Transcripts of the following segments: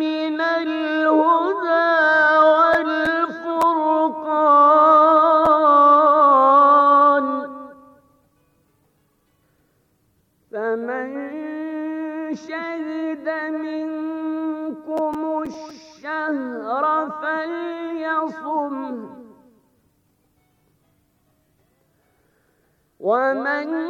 من الهدى والفرقان فمن شهد منكم الشهر ومن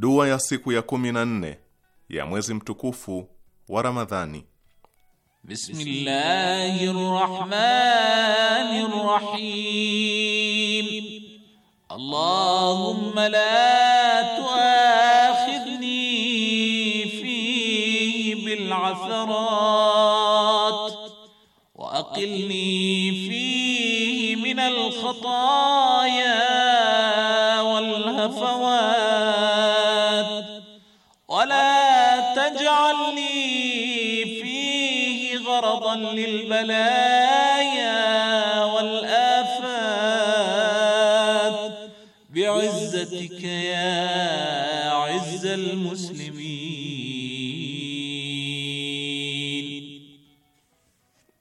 Dua ya siku ya kumi na nne ya mwezi mtukufu wa Ramadhani. Bismillahirrahmanirrahim. Allahumma la tuakhidhni fi bil atharat wa aqilni fi min al khata'a البلايا والآفات بعزتك يا عز المسلمين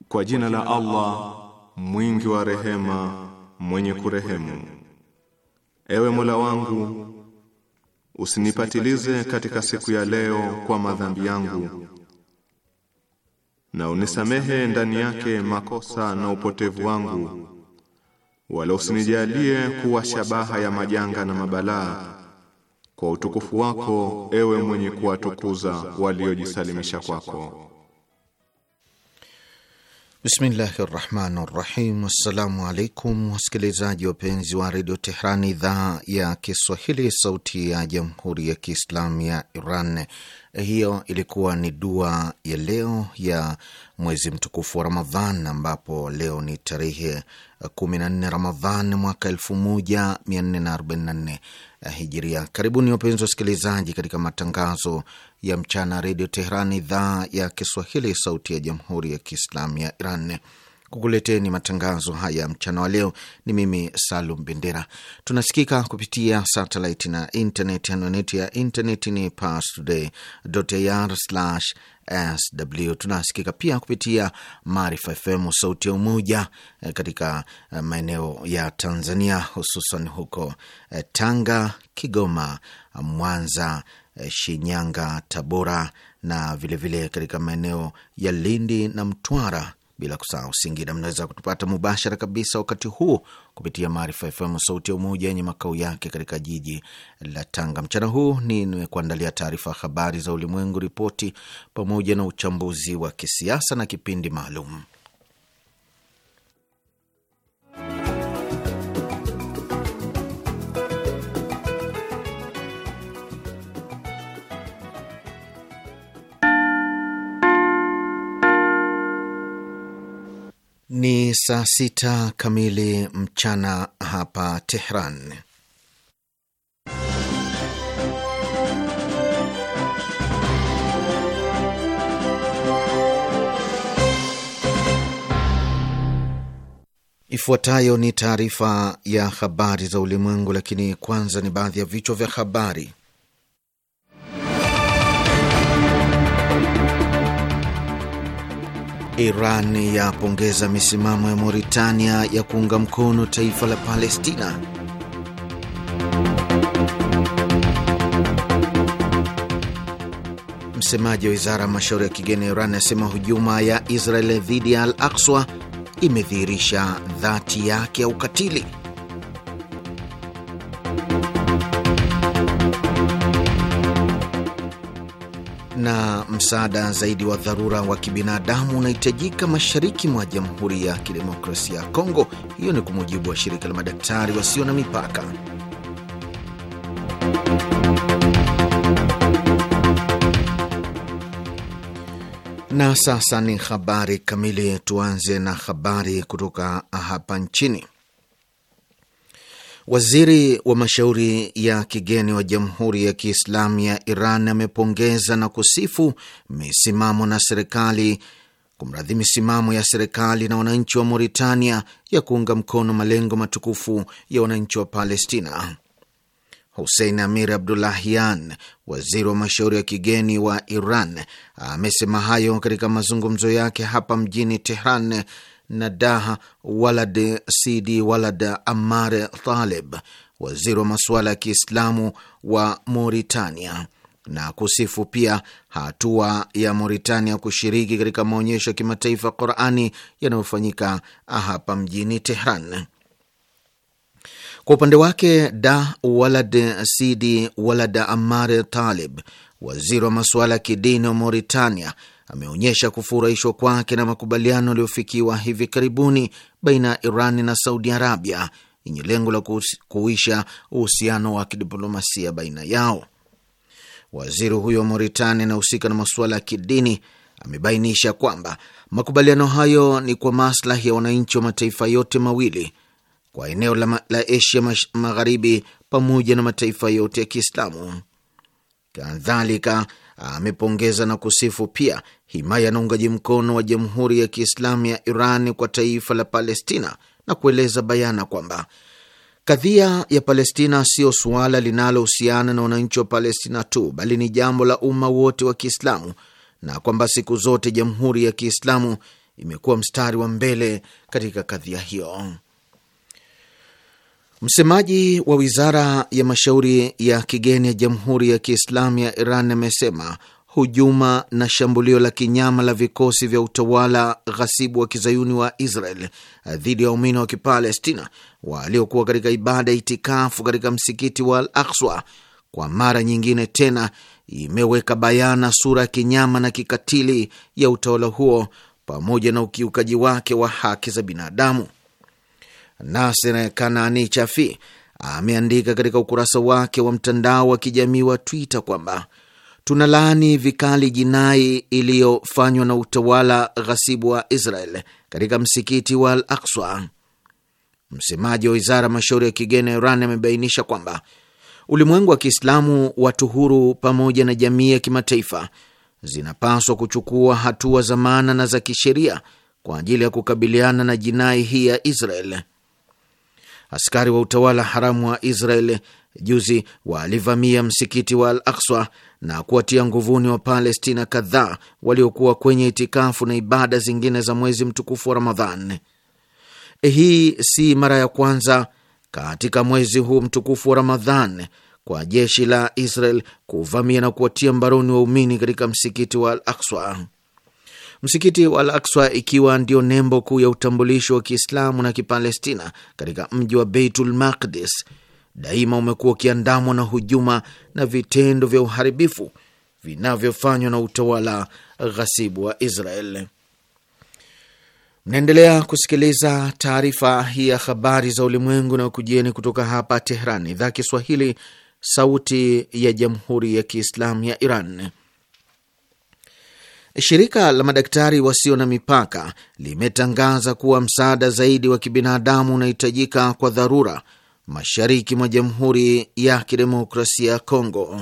Kwa jina la Allah mwingi wa rehema mwenye kurehemu Ewe Mola wangu usinipatilize katika siku ya leo kwa madhambi yangu na unisamehe ndani yake makosa na upotevu wangu, wala usinijalie kuwa shabaha ya majanga na mabalaa, kwa utukufu wako, ewe mwenye kuwatukuza waliojisalimisha kwako. Bismillahi rahmani rahim. Assalamu alaikum wasikilizaji wapenzi wa redio Tehran, idhaa ya Kiswahili, sauti ya jamhuri ya kiislamu ya Iran. Hiyo ilikuwa ni dua ya leo ya mwezi mtukufu wa Ramadhan, ambapo leo ni tarehe 14 Ramadhan mwaka 1444 Hijiria. Karibuni wapenzi wasikilizaji katika matangazo ya mchana Redio Teheran, idhaa ya Kiswahili, sauti ya jamhuri ya kiislamu ya Iran. Kukuleteni matangazo haya mchana wa leo ni mimi Salum Bendera. Tunasikika kupitia satelit na internet. Anwani ya internet ni parstoday.ir/sw. Tunasikika pia kupitia Maarifa FM, sauti ya Umoja, eh, katika eh, maeneo ya Tanzania, hususan huko eh, Tanga, Kigoma, Mwanza, Eh, Shinyanga, Tabora na vilevile katika maeneo ya Lindi na Mtwara, bila kusahau Singida. Mnaweza kutupata mubashara kabisa wakati huu kupitia Maarifa FM, sauti ya Umoja, yenye makao yake katika jiji la Tanga. Mchana huu ni nimekuandalia taarifa habari za ulimwengu, ripoti pamoja na uchambuzi wa kisiasa na kipindi maalum Ni saa sita kamili mchana hapa Tehran. Ifuatayo ni taarifa ya habari za ulimwengu, lakini kwanza ni baadhi ya vichwa vya habari. Iran yapongeza misimamo ya Mauritania ya kuunga mkono taifa la Palestina. Msemaji wa wizara ya mashauri ya kigeni ya Iran asema hujuma ya Israel dhidi ya Al Akswa imedhihirisha dhati yake ya ukatili. na msaada zaidi wa dharura wa kibinadamu unahitajika mashariki mwa Jamhuri ya Kidemokrasia ya Kongo. Hiyo ni kwa mujibu wa shirika la madaktari wasio na mipaka. Na sasa ni habari kamili. Tuanze na habari kutoka hapa nchini. Waziri wa mashauri ya kigeni wa Jamhuri ya Kiislamu ya Iran amepongeza na kusifu misimamo na serikali kumradhi, misimamo ya serikali na wananchi wa Mauritania ya kuunga mkono malengo matukufu ya wananchi wa Palestina. Hussein Amir Abdullahian, waziri wa mashauri ya kigeni wa Iran, amesema hayo katika mazungumzo yake hapa mjini Tehran Nadaha Walad Sidi Walad Amar Talib, waziri wa masuala ya Kiislamu wa Mauritania, na kusifu pia hatua ya Mauritania kushiriki katika maonyesho ya kimataifa ya Qurani yanayofanyika hapa mjini Tehran. Kwa upande wake, Da Walad Sidi Walad Amar Talib waziri wa masuala ya kidini wa Mauritania, ameonyesha kufurahishwa kwake na makubaliano yaliyofikiwa hivi karibuni baina ya Iran na Saudi Arabia yenye lengo la kuisha uhusiano wa kidiplomasia baina yao. Waziri huyo wa Mauritania anahusika na masuala ya kidini amebainisha kwamba makubaliano hayo ni kwa maslahi ya wananchi wa mataifa yote mawili kwa eneo la, la Asia Magharibi pamoja na mataifa yote ya Kiislamu. Kadhalika amepongeza na kusifu pia himaya na uungaji mkono wa Jamhuri ya Kiislamu ya Iran kwa taifa la Palestina na kueleza bayana kwamba kadhia ya Palestina siyo suala linalohusiana na wananchi wa Palestina tu bali ni jambo la umma wote wa Kiislamu na kwamba siku zote Jamhuri ya Kiislamu imekuwa mstari wa mbele katika kadhia hiyo. Msemaji wa wizara ya mashauri ya kigeni ya Jamhuri ya Kiislamu ya Iran amesema hujuma na shambulio la kinyama la vikosi vya utawala ghasibu wa kizayuni wa Israel dhidi ya waumini wa Kipalestina waliokuwa katika ibada ya itikafu katika msikiti wa Al Akswa kwa mara nyingine tena imeweka bayana sura ya kinyama na kikatili ya utawala huo pamoja na ukiukaji wake wa haki za binadamu. Nasir Kanani Chafi ameandika katika ukurasa wake wa mtandao wa kijamii wa Twitter kwamba tunalaani vikali jinai iliyofanywa na utawala ghasibu wa Israel katika msikiti wa Al Akswa. Msemaji wa wizara mashauri ya kigeni ya Iran amebainisha kwamba ulimwengu wa Kiislamu, watu huru, pamoja na jamii ya kimataifa zinapaswa kuchukua hatua za maana na za kisheria kwa ajili ya kukabiliana na jinai hii ya Israel. Askari wa utawala haramu wa Israel juzi walivamia msikiti wa Al Akswa na kuwatia nguvuni wa Palestina kadhaa waliokuwa kwenye itikafu na ibada zingine za mwezi mtukufu wa Ramadhan. Hii si mara ya kwanza katika mwezi huu mtukufu wa Ramadhan kwa jeshi la Israel kuvamia na kuwatia mbaroni waumini katika msikiti wa Al Akswa. Msikiti wa Al Akswa ikiwa ndio nembo kuu ya utambulisho wa Kiislamu na Kipalestina katika mji wa Beitul Maqdis, daima umekuwa ukiandamwa na hujuma na vitendo vya uharibifu vinavyofanywa na utawala ghasibu wa Israel. Mnaendelea kusikiliza taarifa hii ya habari za ulimwengu na kujieni kutoka hapa Tehran, idhaa Kiswahili, sauti ya jamhuri ya Kiislamu ya Iran. Shirika la madaktari wasio na mipaka limetangaza kuwa msaada zaidi wa kibinadamu unahitajika kwa dharura mashariki mwa Jamhuri ya Kidemokrasia ya Kongo.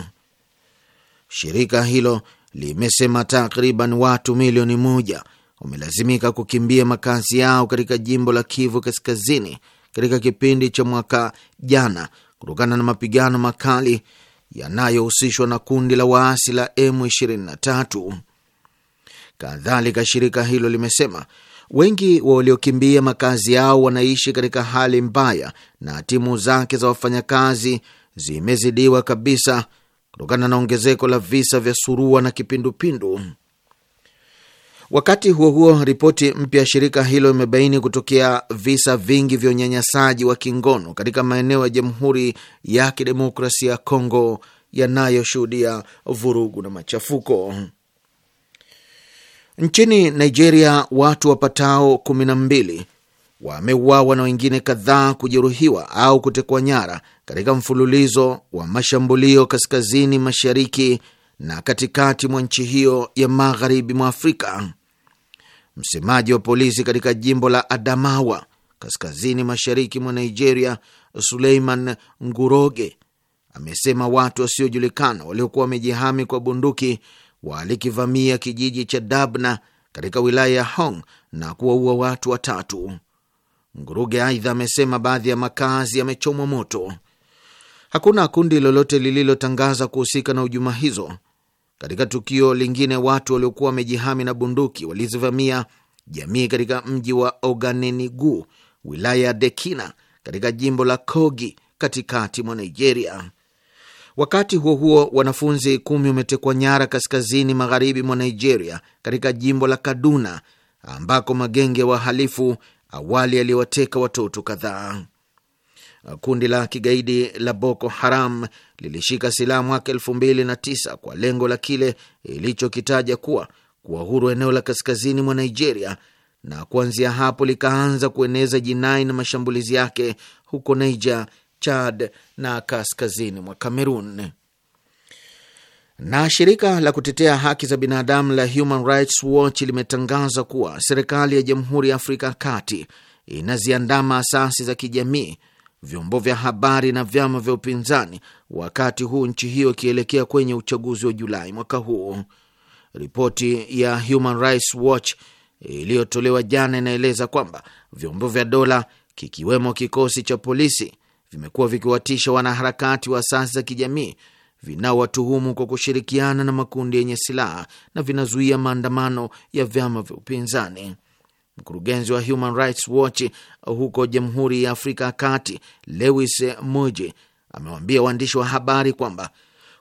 Shirika hilo limesema takriban watu milioni moja wamelazimika kukimbia makazi yao katika jimbo la Kivu Kaskazini katika kipindi cha mwaka jana kutokana na mapigano makali yanayohusishwa na kundi la waasi la M23. Kadhalika, shirika hilo limesema wengi wa waliokimbia makazi yao wanaishi katika hali mbaya na timu zake za wafanyakazi zimezidiwa kabisa kutokana na ongezeko la visa vya surua na kipindupindu. Wakati huo huo, ripoti mpya ya shirika hilo imebaini kutokea visa vingi vya unyanyasaji wa kingono katika maeneo ya Jamhuri ya Kidemokrasia ya Kongo yanayoshuhudia vurugu na machafuko. Nchini Nigeria watu wapatao 12 wameuawa na wengine kadhaa kujeruhiwa au kutekwa nyara katika mfululizo wa mashambulio kaskazini mashariki na katikati mwa nchi hiyo ya magharibi mwa Afrika. Msemaji wa polisi katika jimbo la Adamawa kaskazini mashariki mwa Nigeria, Suleiman Nguroge amesema watu wasiojulikana waliokuwa wamejihami kwa bunduki walikivamia kijiji cha Dabna katika wilaya ya Hong na kuwaua watu watatu. Nguruge aidha amesema baadhi ya makazi yamechomwa moto. Hakuna kundi lolote lililotangaza kuhusika na hujuma hizo. Katika tukio lingine, watu waliokuwa wamejihami na bunduki walizivamia jamii katika mji wa Oganenigu, wilaya ya Dekina, katika jimbo la Kogi, katikati mwa Nigeria. Wakati huo huo, wanafunzi kumi wametekwa nyara kaskazini magharibi mwa Nigeria, katika jimbo la Kaduna ambako magenge ya wahalifu awali yaliwateka watoto kadhaa. Kundi la kigaidi la Boko Haram lilishika silaha mwaka elfu mbili na tisa kwa lengo la kile ilichokitaja kuwa kuwa huru eneo la kaskazini mwa Nigeria, na kuanzia hapo likaanza kueneza jinai na mashambulizi yake huko Niger, Chad na kaskazini mwa Kamerun. Na shirika la kutetea haki za binadamu la Human Rights Watch limetangaza kuwa serikali ya Jamhuri ya Afrika ya Kati inaziandama asasi za kijamii, vyombo vya habari na vyama vya upinzani, wakati huu nchi hiyo ikielekea kwenye uchaguzi wa Julai mwaka huu. Ripoti ya Human Rights Watch iliyotolewa jana inaeleza kwamba vyombo vya dola kikiwemo kikosi cha polisi vimekuwa vikiwatisha wanaharakati wa asasi za kijamii vinaowatuhumu kwa kushirikiana na makundi yenye silaha na vinazuia maandamano ya vyama vya upinzani. Mkurugenzi wa Human Rights Watch huko Jamhuri ya Afrika ya Kati, Lewis Muji, amewaambia waandishi wa habari kwamba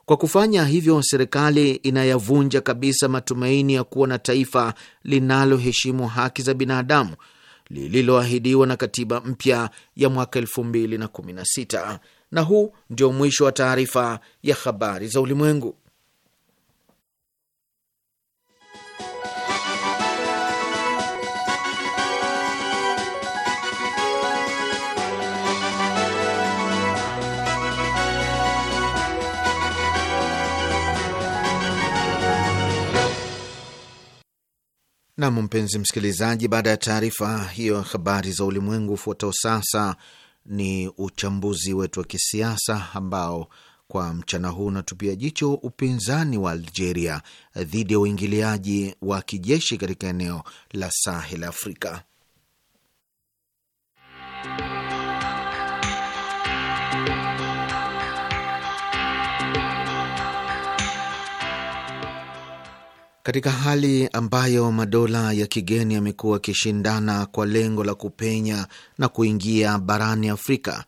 kwa kufanya hivyo, serikali inayavunja kabisa matumaini ya kuwa na taifa linaloheshimu haki za binadamu lililoahidiwa na katiba mpya ya mwaka 2016. Na huu ndio mwisho wa taarifa ya habari za ulimwengu. Nam, mpenzi msikilizaji, baada ya taarifa hiyo habari za ulimwengu, ufuatao sasa ni uchambuzi wetu wa kisiasa ambao kwa mchana huu unatupia jicho upinzani wa Algeria dhidi ya uingiliaji wa kijeshi katika eneo la Sahel Afrika. Katika hali ambayo madola ya kigeni yamekuwa yakishindana kwa lengo la kupenya na kuingia barani Afrika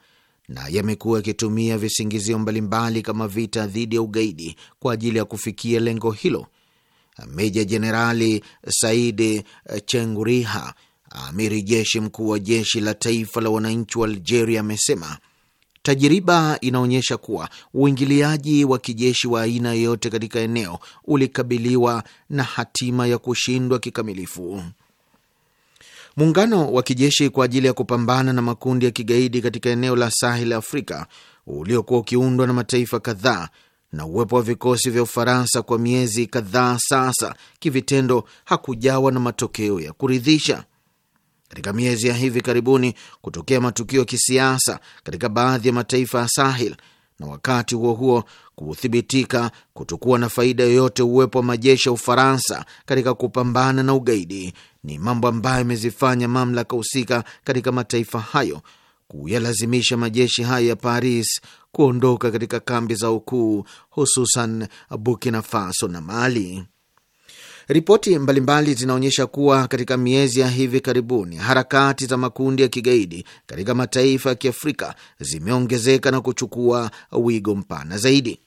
na yamekuwa yakitumia visingizio mbalimbali kama vita dhidi ya ugaidi kwa ajili ya kufikia lengo hilo, Meja Jenerali Saidi Chenguriha, amiri jeshi mkuu wa jeshi la taifa la wananchi wa Algeria, amesema Tajiriba inaonyesha kuwa uingiliaji wa kijeshi wa aina yoyote katika eneo ulikabiliwa na hatima ya kushindwa kikamilifu. Muungano wa kijeshi kwa ajili ya kupambana na makundi ya kigaidi katika eneo la Sahel Afrika uliokuwa ukiundwa na mataifa kadhaa na uwepo wa vikosi vya Ufaransa kwa miezi kadhaa sasa, kivitendo hakujawa na matokeo ya kuridhisha katika miezi ya hivi karibuni kutokea matukio ya kisiasa katika baadhi ya mataifa ya Sahel na wakati huo huo kuthibitika kutokuwa na faida yoyote uwepo wa majeshi ya Ufaransa katika kupambana na ugaidi ni mambo ambayo yamezifanya mamlaka husika katika mataifa hayo kuyalazimisha majeshi hayo ya Paris kuondoka katika kambi za ukuu hususan Burkina Faso na Mali. Ripoti mbalimbali zinaonyesha kuwa katika miezi ya hivi karibuni harakati za makundi ya kigaidi katika mataifa ya Kiafrika zimeongezeka na kuchukua wigo mpana zaidi.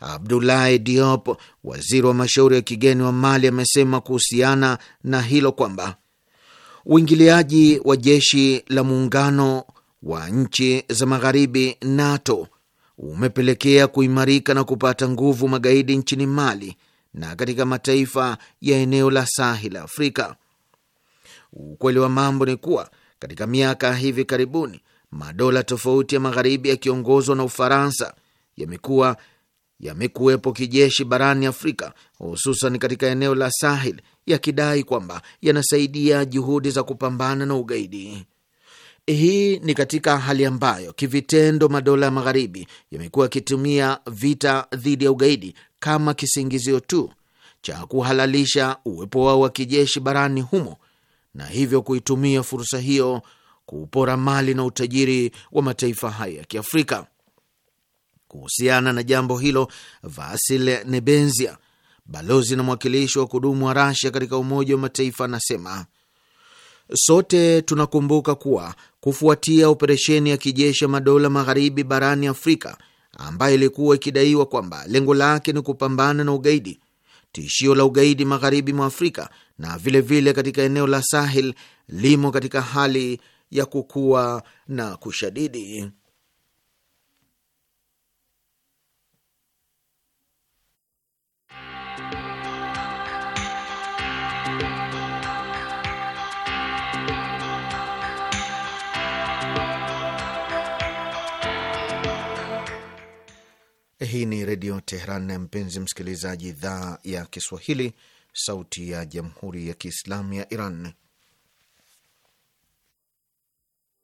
Abdulahi Diop, waziri wa mashauri ya kigeni wa Mali, amesema kuhusiana na hilo kwamba uingiliaji wa jeshi la muungano wa nchi za magharibi NATO umepelekea kuimarika na kupata nguvu magaidi nchini Mali na katika mataifa ya eneo la Sahel Afrika. Ukweli wa mambo ni kuwa katika miaka hivi karibuni madola tofauti ya magharibi yakiongozwa na Ufaransa yamekuwa yamekuwepo kijeshi barani Afrika, hususan katika eneo la Sahel, yakidai kwamba yanasaidia juhudi za kupambana na ugaidi. Hii ni katika hali ambayo kivitendo madola ya magharibi yamekuwa yakitumia vita dhidi ya ugaidi kama kisingizio tu cha kuhalalisha uwepo wao wa kijeshi barani humo na hivyo kuitumia fursa hiyo kuupora mali na utajiri wa mataifa haya ya Kiafrika. Kuhusiana na jambo hilo, Vasil Nebenzia, balozi na mwakilishi wa kudumu wa Rasia katika Umoja wa Mataifa, anasema sote tunakumbuka kuwa kufuatia operesheni ya kijeshi ya madola magharibi barani Afrika ambayo ilikuwa ikidaiwa kwamba lengo lake ni kupambana na ugaidi, tishio la ugaidi magharibi mwa Afrika na vilevile vile katika eneo la Sahel limo katika hali ya kukua na kushadidi. Hii ni Redio Teheran na mpenzi msikilizaji, idhaa ya Kiswahili, sauti ya jamhuri ya kiislamu ya Iran.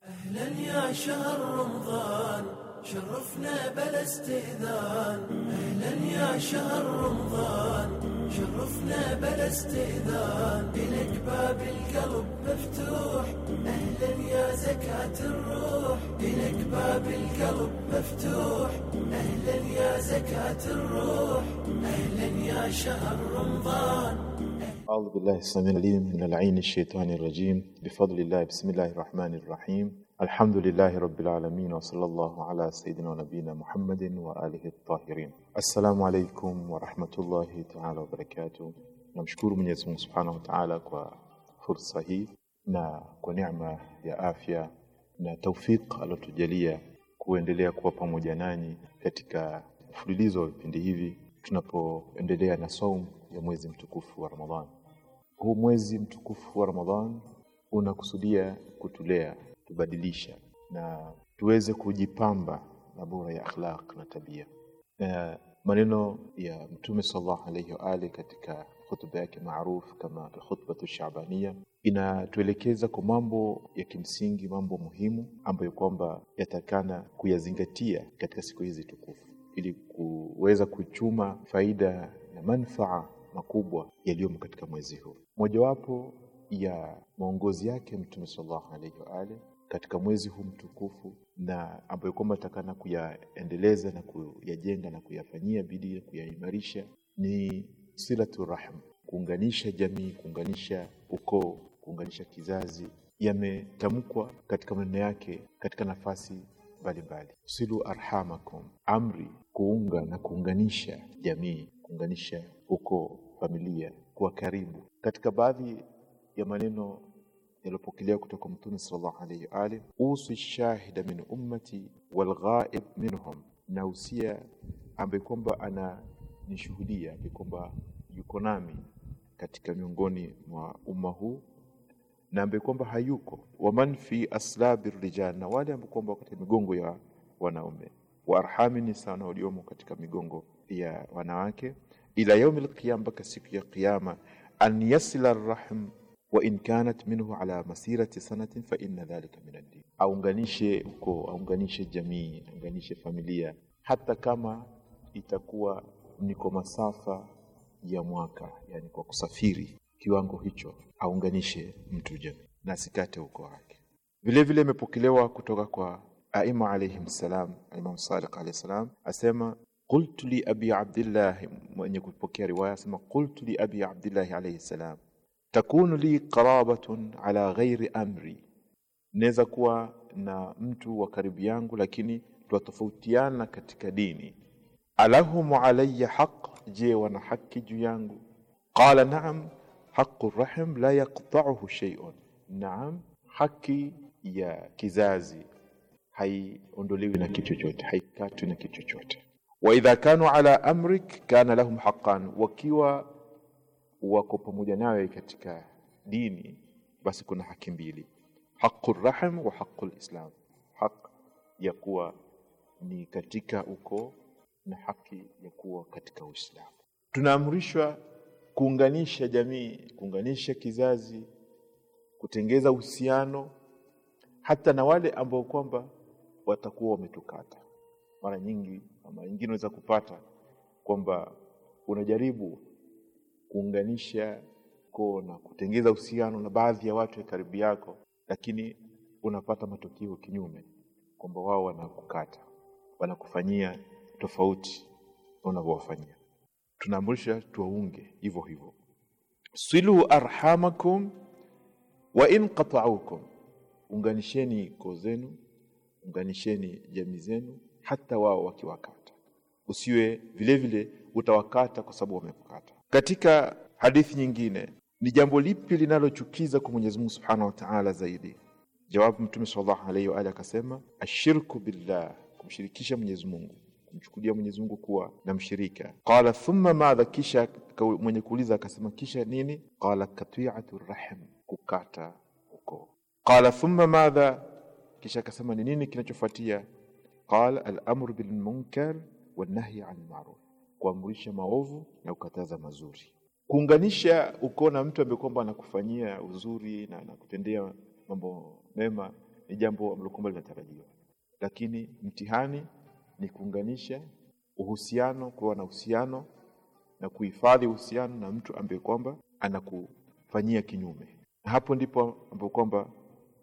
Ahlan ya شرفنا بلا استئذان اهلا يا شهر رمضان شرفنا بلا استئذان الك باب القلب مفتوح اهلا يا زكاة الروح الك باب القلب مفتوح اهلا يا زكاة الروح اهلا يا شهر رمضان أعوذ بالله السميع العليم من العين الشيطان الرجيم بفضل الله بسم الله الرحمن الرحيم Alhamdulillahi rabbil alamin wa sallallahu ala sayidina wa nabina Muhammadin wa alihi at-tahirin. Assalamu alaykum wa rahmatullahi ta'ala wa barakatuh. Namshukuru Mwenyezi Mungu Subhanahu wa Ta'ala kwa fursa hii na kwa neema ya afya na taufik alotujalia kuendelea kuwa pamoja nanyi katika mfululizo wa vipindi hivi tunapoendelea na saumu ya mwezi mtukufu wa Ramadhani. Huu mwezi mtukufu wa Ramadhani unakusudia kutulea tubadilisha na tuweze kujipamba na bora ya akhlaq na tabia. Na maneno ya Mtume sallallahu alayhi wa ali katika khutba yake maarufu kama alkhutbatu shabania inatuelekeza kwa mambo ya kimsingi, mambo muhimu ambayo kwamba yatakana kuyazingatia katika siku hizi tukufu ili kuweza kuchuma faida na manfaa makubwa yaliyomo katika mwezi huu. Mojawapo ya maongozi yake Mtume sallallahu alayhi wa ali katika mwezi huu mtukufu na ambayo kwamba takana kuyaendeleza na kuyajenga na kuyafanyia bidii na kuyaimarisha ni silatu rahim, kuunganisha jamii, kuunganisha ukoo, kuunganisha kizazi. Yametamkwa katika maneno yake katika nafasi mbalimbali, silu arhamakum, amri kuunga na kuunganisha jamii, kuunganisha ukoo, familia, kuwa karibu. Katika baadhi ya maneno yaliyopokelewa kutoka Mtume sallallahu alayhi wa alihi, usi shahida min ummati walghaib minhum, na usia ambaye kwamba ananishuhudia ambaye kwamba yuko nami katika miongoni mwa umma huu na ambaye kwamba hayuko, waman fi aslabi rijal, na wale ambao kwamba katika migongo ya wanaume, wa arhami nisa, na waliomo katika migongo ya wanawake, ila yaumil qiyama, mpaka siku ya Kiyama, an yasila rahim wa in kanat minhu ala masirati sanatin fa inna dhalika min ad-din, aunganishe ukoo, aunganishe jamii, aunganishe familia, hata kama itakuwa niko masafa ya mwaka, yani kwa kusafiri kiwango hicho, aunganishe mtu jamii na sikate ukoo wake. Vile vile imepokelewa kutoka kwa aima alayhim salam, Imam Sadiq alayhi salam asema qultu li abi Abdillah, mwenye kupokea riwaya asema qultu li abi Abdillah alayhi salam takunu li qarabatun ala ghairi amri, naweza kuwa na mtu wa karibu yangu lakini twatofautiana katika dini. alahum alayya haq, je wana haki juu yangu? Qala naam, haqu rahim la yaqta'uhu shay'un, naam, haki ya kizazi haiondolewi na kitu chochote, haikatwi na kitu chochote. Wa idha kanu ala amrik kana lahum haqqan, wakiwa wako pamoja nawe katika dini, basi kuna haki mbili, haqu rahim wa haqu lislam, haq ya kuwa ni katika ukoo na haki ya kuwa katika Uislamu. Tunaamrishwa kuunganisha jamii, kuunganisha kizazi, kutengeza uhusiano hata na wale ambao kwamba watakuwa wametukata. Mara nyingi, mara nyingine unaweza kupata kwamba unajaribu kuunganisha koo na kutengeza uhusiano na baadhi ya watu ya karibu yako, lakini unapata matokeo kinyume, kwamba wao wanakukata, wanakufanyia tofauti na unavyowafanyia. Tunaamrisha tuwaunge hivyo hivyo, silu arhamakum wa in qataukum, unganisheni koo zenu, unganisheni jamii zenu, hata wao wakiwakata. Usiwe vilevile utawakata kwa sababu wamekukata. Katika hadithi nyingine, ni jambo lipi linalochukiza kwa Mwenyezi Mungu Subhanahu wa Ta'ala zaidi? Jawabu, Mtume sallallahu alayhi wa alihi akasema, ashirku billah, kumshirikisha Mwenyezi Mungu, kumchukulia Mwenyezi Mungu kuwa na mshirika. Qala thumma madha, kisha mwenye kuuliza akasema, kisha nini? Qala katwi'atu rahim, kukata uko. Qala thumma madha, kisha akasema ni nini kinachofuatia? Qala al-amru bil munkar wan nahyi anil ma'ruf kuamrisha maovu na kukataza mazuri. Kuunganisha na mtu ambaye kwamba anakufanyia uzuri na anakutendea mambo mema ni jambo ambalo kwamba linatarajiwa, lakini mtihani ni kuunganisha uhusiano, kuwa na uhusiano na kuhifadhi uhusiano na mtu ambaye kwamba anakufanyia kinyume, na hapo ndipo ambapo kwamba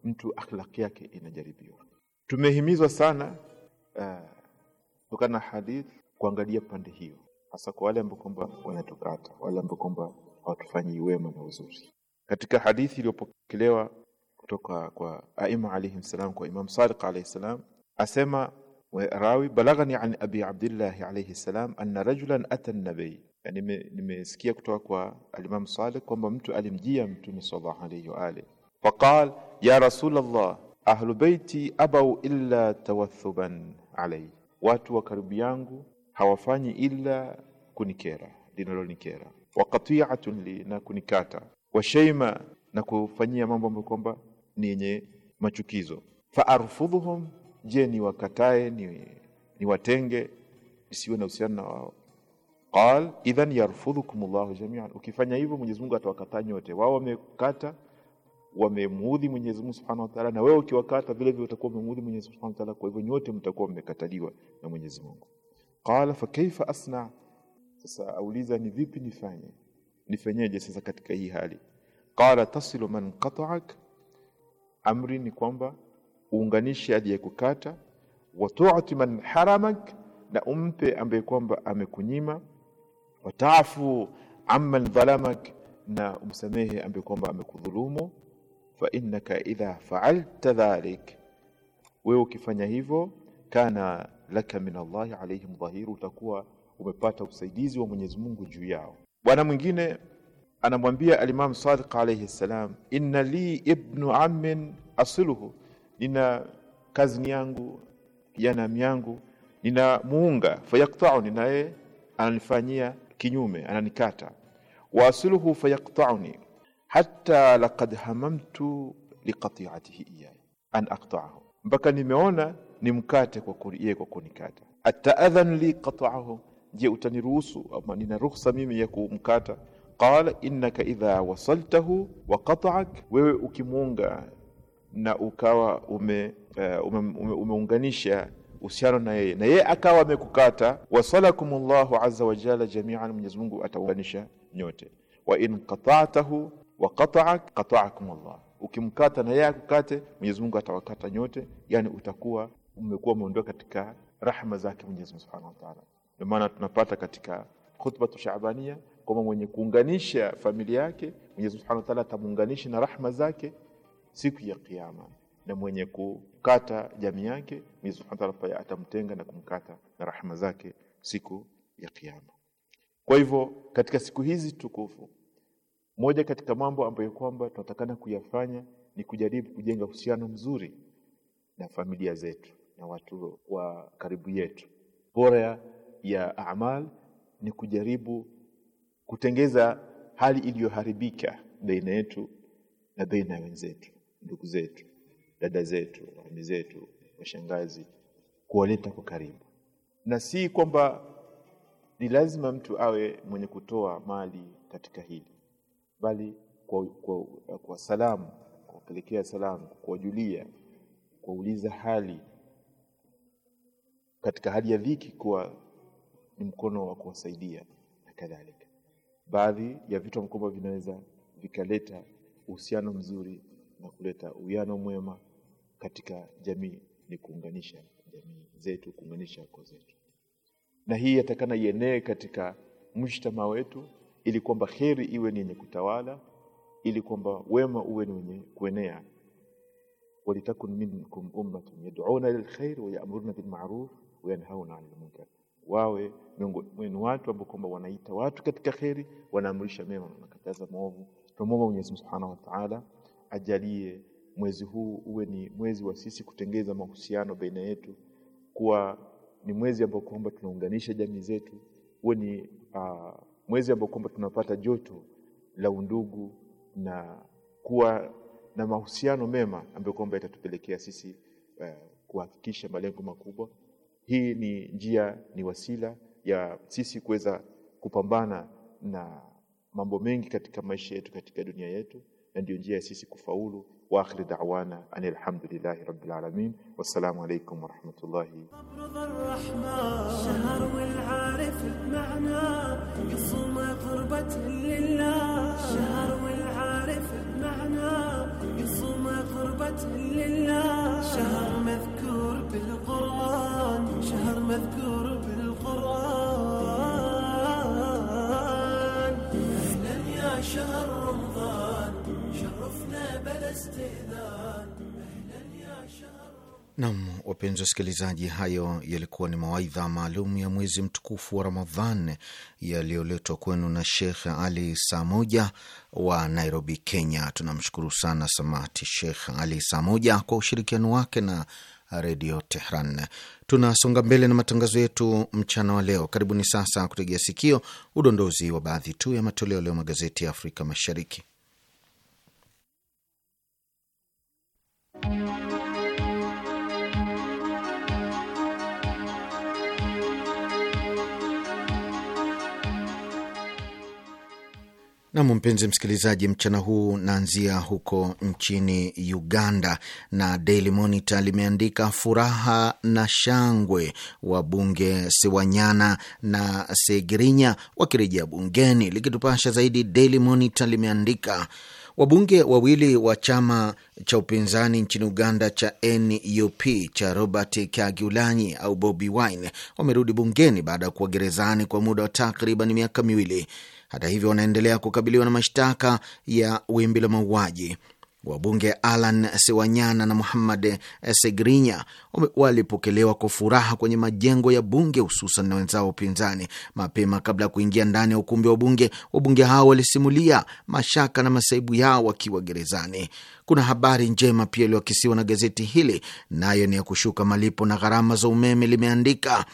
mtu akhlaki yake inajaribiwa. Tumehimizwa sana eh, kutokana uh, na hadith kuangalia pande hiyo hasa kwa wale ambao kwamba wanatukata, wale ambao kwamba hawatufanyii wema na uzuri. Katika hadithi iliyopokelewa kutoka kwa aima alayhi salam, kwa Imam Sadiq alayhi salam asema rawi, balaghani an abi abdillahi alayhi salam anna rajulan ata nabii Nimesikia kutoka kwa alimam Sadiq kwamba mtu alimjia Mtume sallallahu alayhi wa ali faqal ya rasul Allah, ahlu beiti abau illa tawathuban alayhi, watu wa karibu yangu hawafanyi ila kunikera linalonikera, wa qati'atun li, na kunikata, wa shaima, na kufanyia mambo ambayo kwamba ni yenye machukizo. Fa arfudhuhum, je ni wakatae, ni ni watenge isiwe na uhusiano na wao. Qal idhan yarfudhukum Allahu jami'an, ukifanya hivyo Mwenyezi Mungu atawakataa nyote. Wao wamekata wamemuudhi Mwenyezi Mungu Subhanahu wa Ta'ala, na wewe ukiwakata vile vile utakuwa umemuudhi Mwenyezi Mungu Subhanahu wa Ta'ala. Kwa hivyo nyote mtakuwa mmekataliwa na Mwenyezi Mungu qala fakaifa asna sasa auliza ni vipi nifanye nifanyeje sasa katika hii hali qala tasilu man qata'ak amri ni kwamba uunganishe aliyekukata kukata tu'ti man haramak na umpe ambaye kwamba amekunyima wataafu amman dhalamak na umsamehe ambaye kwamba amekudhulumu fa innaka idha fa'alta dhalik wewe ukifanya hivyo kana laka min Allahi alaihim dhahiru, utakuwa umepata usaidizi wa Mwenyezi Mungu juu yao. Bwana mwingine anamwambia alimamu Sadiq alaihi salam, inna li ibnu ammin asiluhu, nina kazini yangu kijana yangu nina muunga fayaqta'uni, naye ananifanyia kinyume, ananikata. Wa asiluhu fayaqta'uni hatta laqad hamamtu liqati'atihi iyaya an aqta'ahu, mpaka nimeona ni mkate kwa yeye kwa kunikata. ataadhan li qat'ahu, je utaniruhusu ama nina ruhusa mimi ya kumkata? qala innaka idha wasaltahu wa qat'ak, wewe ukimuunga na ukawa ume uh, eh, umeunganisha ume, ume uhusiano na yeye na yeye akawa amekukata, wasalakum llahu azza wa jalla jamian, Mwenyezi Mungu ataunganisha nyote. wa in qata'tahu wa qata'ak qata'akum Allah, ukimkata na yeye akukate, Mwenyezi Mungu atawakata nyote, yani utakuwa umekuwa umeondoka katika rahma zake Mwenyezi Mungu Subhanahu wa Ta'ala. Ndio maana tunapata katika tu Shaabania kwamba mwenye kuunganisha familia yake Mwenyezi Mungu Subhanahu wa Ta'ala atamuunganisha na rahma zake siku ya Kiyama, na mwenye kukata jamii yake Mwenyezi Subhanahu wa Ta'ala atamtenga na kumkata na rahma zake siku ya Kiyama. Kwa hivyo katika siku hizi tukufu, moja katika mambo ambayo kwamba tunatakana kuyafanya ni kujaribu kujenga uhusiano mzuri na familia zetu na watu wa karibu yetu. Bora ya amal ni kujaribu kutengeza hali iliyoharibika baina yetu na baina ya wenzetu, ndugu zetu, dada zetu, wahami zetu, washangazi, kuwaleta kwa karibu, na si kwamba ni lazima mtu awe mwenye kutoa mali katika hili, bali kwa, kwa, kwa salamu, kuwapelekea salamu, kuwajulia, kuwauliza hali katika hali ya dhiki kuwa ni mkono wa kuwasaidia na kadhalika. Baadhi ya vitu ambavyo vinaweza vikaleta uhusiano mzuri na kuleta uwiano mwema katika jamii ni kuunganisha jamii zetu, kuunganisha koo zetu, na hii yatakana ienee katika mshtama wetu, ili kwamba kheri iwe ni yenye kutawala, ili kwamba wema uwe ni wenye kuenea. walitakun minkum ummatun yad'una ila lkhair wa ya'muruna bil ma'ruf wayanhauna anil munkar, wawe miongoni mwenu watu ambao kwamba wanaita watu katika kheri, wanaamrisha mema, wanakataza maovu. Tunamwomba Mwenyezi Mungu Subhanahu wa Ta'ala ajalie mwezi huu uwe ni mwezi wa sisi kutengeza mahusiano baina yetu, kuwa ni mwezi ambao kwamba tunaunganisha jamii zetu, uwe ni uh, mwezi ambao kwamba tunapata joto la undugu na kuwa na mahusiano mema ambayo kwamba yatatupelekea sisi uh, kuhakikisha malengo makubwa hii ni njia, ni wasila ya sisi kuweza kupambana na mambo mengi katika maisha yetu, katika dunia yetu, na ndio njia ya sisi kufaulu. Wa akhir da'wana anil hamdulillahi rabbil alamin, wassalamu alaykum wa rahmatullahi Nam, wapenzi wasikilizaji, hayo yalikuwa ni mawaidha maalum ya mwezi mtukufu wa Ramadhan yaliyoletwa kwenu na Shekh Ali Samoja wa Nairobi, Kenya. Tunamshukuru sana Samati Shekh Ali Samoja kwa ushirikiano wake na Redio Tehran. Tunasonga mbele na matangazo yetu mchana wa leo. Karibuni sasa kutegea sikio udondozi wa baadhi tu ya matoleo leo magazeti ya Afrika Mashariki. Nam, mpenzi msikilizaji, mchana huu naanzia huko nchini Uganda, na Daily Monitor limeandika furaha na shangwe, wa bunge Sewanyana na Segirinya wakirejea bungeni. Likitupasha zaidi, Daily Monitor limeandika Wabunge wawili wa chama cha upinzani nchini Uganda cha NUP cha Robert Kyagulanyi au Bobi Wine wamerudi bungeni baada ya kuwa gerezani kwa muda wa takriban miaka miwili. Hata hivyo, wanaendelea kukabiliwa na mashtaka ya wimbi la mauaji. Wabunge Alan Sewanyana na Muhammad Segrinya walipokelewa kwa furaha kwenye majengo ya bunge, hususan na wenzao wa upinzani. Mapema kabla ya kuingia ndani ya ukumbi wa bunge, wabunge hao walisimulia mashaka na masaibu yao wakiwa gerezani. Kuna habari njema pia iliyoakisiwa na gazeti hili, nayo ni ya kushuka malipo na gharama za umeme. Limeandika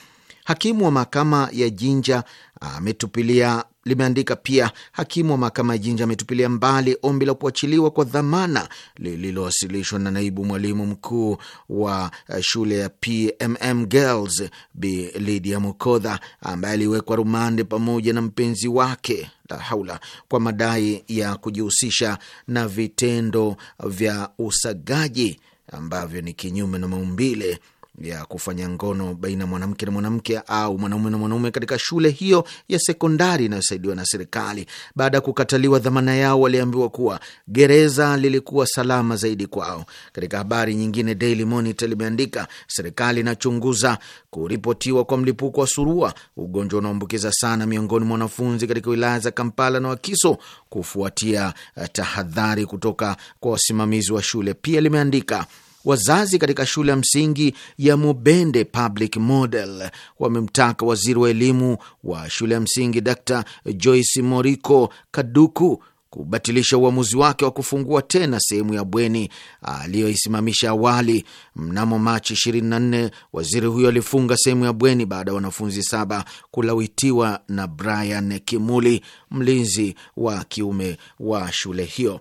hakimu wa mahakama ya Jinja ametupilia limeandika pia, hakimu wa mahakama ya Jinja ametupilia mbali ombi la kuachiliwa kwa dhamana lililowasilishwa na naibu mwalimu mkuu wa eh, shule ya PMM Girls Bi Lidia Mukodha ambaye aliwekwa rumande pamoja na mpenzi wake la haula kwa madai ya kujihusisha na vitendo vya usagaji ambavyo ni kinyume na maumbile ya kufanya ngono baina ya mwanamke na mwanamke au mwanaume na mwanaume katika shule hiyo ya sekondari inayosaidiwa na serikali. Baada ya kukataliwa dhamana yao, waliambiwa kuwa gereza lilikuwa salama zaidi kwao. Katika habari nyingine, Daily Monitor limeandika serikali inachunguza kuripotiwa kwa mlipuko wa surua, ugonjwa unaoambukiza sana miongoni mwa wanafunzi katika wilaya za Kampala na Wakiso, kufuatia tahadhari kutoka kwa wasimamizi wa shule. Pia limeandika Wazazi katika shule ya msingi ya Mubende Public Model wamemtaka waziri wa elimu wa shule ya msingi Dr Joyce Moriko Kaduku kubatilisha uamuzi wake wa kufungua tena sehemu ya bweni aliyoisimamisha awali. Mnamo Machi 24 waziri huyo alifunga sehemu ya bweni baada ya wanafunzi saba kulawitiwa na Brian Kimuli, mlinzi wa kiume wa shule hiyo.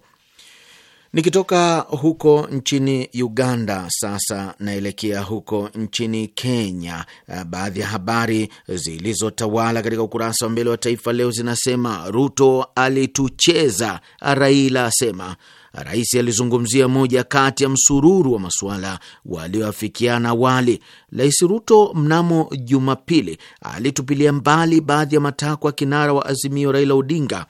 Nikitoka huko nchini Uganda, sasa naelekea huko nchini Kenya. Eh, baadhi ya habari zilizotawala katika ukurasa wa mbele wa Taifa Leo zinasema Ruto alitucheza, Raila asema. Rais alizungumzia moja kati ya msururu wa masuala walioafikiana awali. Rais Ruto mnamo Jumapili alitupilia mbali baadhi ya matakwa kinara wa Azimio Raila Odinga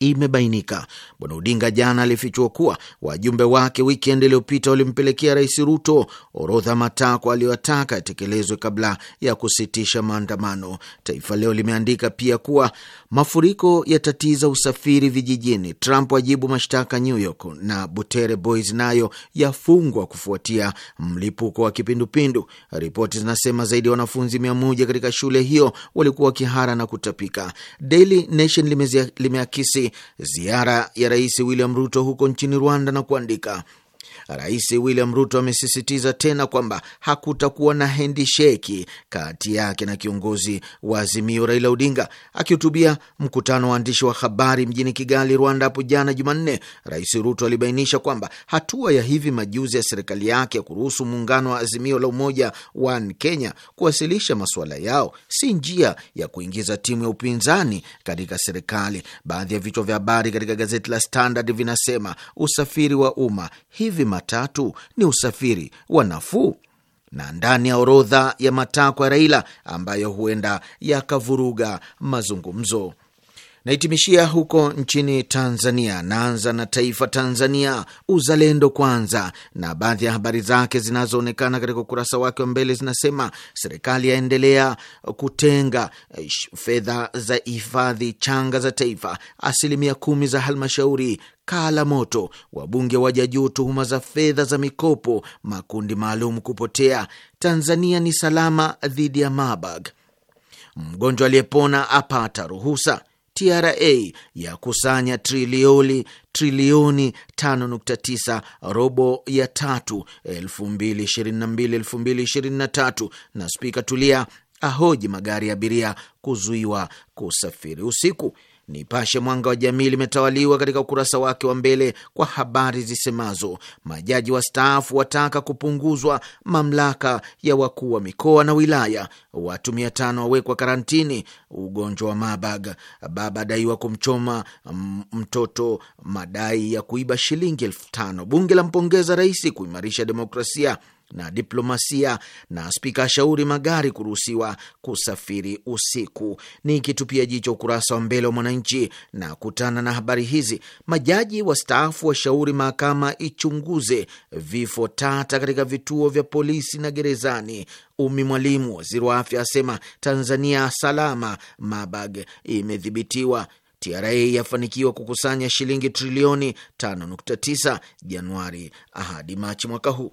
imebainika. Bwana Odinga jana alifichua kuwa wajumbe wake wikend iliyopita walimpelekea Rais Ruto orodha matakwa aliyoyataka yatekelezwe kabla ya kusitisha maandamano. Taifa Leo limeandika pia kuwa mafuriko yatatiza usafiri vijijini, Trump ajibu mashtaka New York, na Butere Boys nayo yafungwa kufuatia mlipuko wa kipindupindu. Ripoti zinasema zaidi ya wanafunzi mia moja katika shule hiyo walikuwa wakihara na kutapika. Daily Nation limeakisi ziara ya Rais William Ruto huko nchini Rwanda na kuandika Rais William Ruto amesisitiza tena kwamba hakutakuwa na handisheki kati yake na kiongozi wa Azimio Raila Odinga. Akihutubia mkutano wa waandishi wa habari mjini Kigali, Rwanda hapo jana Jumanne, Rais Ruto alibainisha kwamba hatua ya hivi majuzi ya serikali yake kuruhusu muungano wa Azimio la Umoja wa Kenya kuwasilisha masuala yao si njia ya kuingiza timu ya upinzani katika serikali. Baadhi ya vichwa vya habari katika gazeti la Standard vinasema usafiri wa umma hivi matatu ni usafiri wa nafuu na ndani ya orodha ya matakwa ya Raila ambayo huenda yakavuruga mazungumzo. Naitimishia huko nchini Tanzania. Naanza na Taifa Tanzania, uzalendo kwanza, na baadhi ya habari zake zinazoonekana katika ukurasa wake wa mbele zinasema: serikali yaendelea kutenga eh, fedha za hifadhi changa za taifa, asilimia kumi za halmashauri kaa la moto, wabunge wajajuu tuhuma za fedha za mikopo, makundi maalum kupotea, Tanzania ni salama dhidi ya Marburg, mgonjwa aliyepona apata ruhusa, TRA ya kusanya trilioni trilioni 5.9 robo ya tatu 2022/2023 na Spika Tulia ahoji magari ya abiria kuzuiwa kusafiri usiku. Nipashe Mwanga wa Jamii limetawaliwa katika ukurasa wake wa mbele kwa habari zisemazo majaji wastaafu wataka kupunguzwa mamlaka ya wakuu wa mikoa na wilaya, watu mia tano wawekwa karantini, ugonjwa wa mabag baba adaiwa kumchoma mm, mtoto, madai ya kuiba shilingi elfu tano, bunge la mpongeza rais kuimarisha demokrasia na diplomasia na spika shauri magari kuruhusiwa kusafiri usiku. Ni kitupia jicho ukurasa wa mbele wa Mwananchi na kutana na habari hizi: majaji wastaafu washauri mahakama ichunguze vifo tata katika vituo vya polisi na gerezani. Umi Mwalimu, waziri wa afya, asema Tanzania salama, mabag imedhibitiwa. TRA yafanikiwa kukusanya shilingi trilioni 5.9 Januari hadi Machi mwaka huu.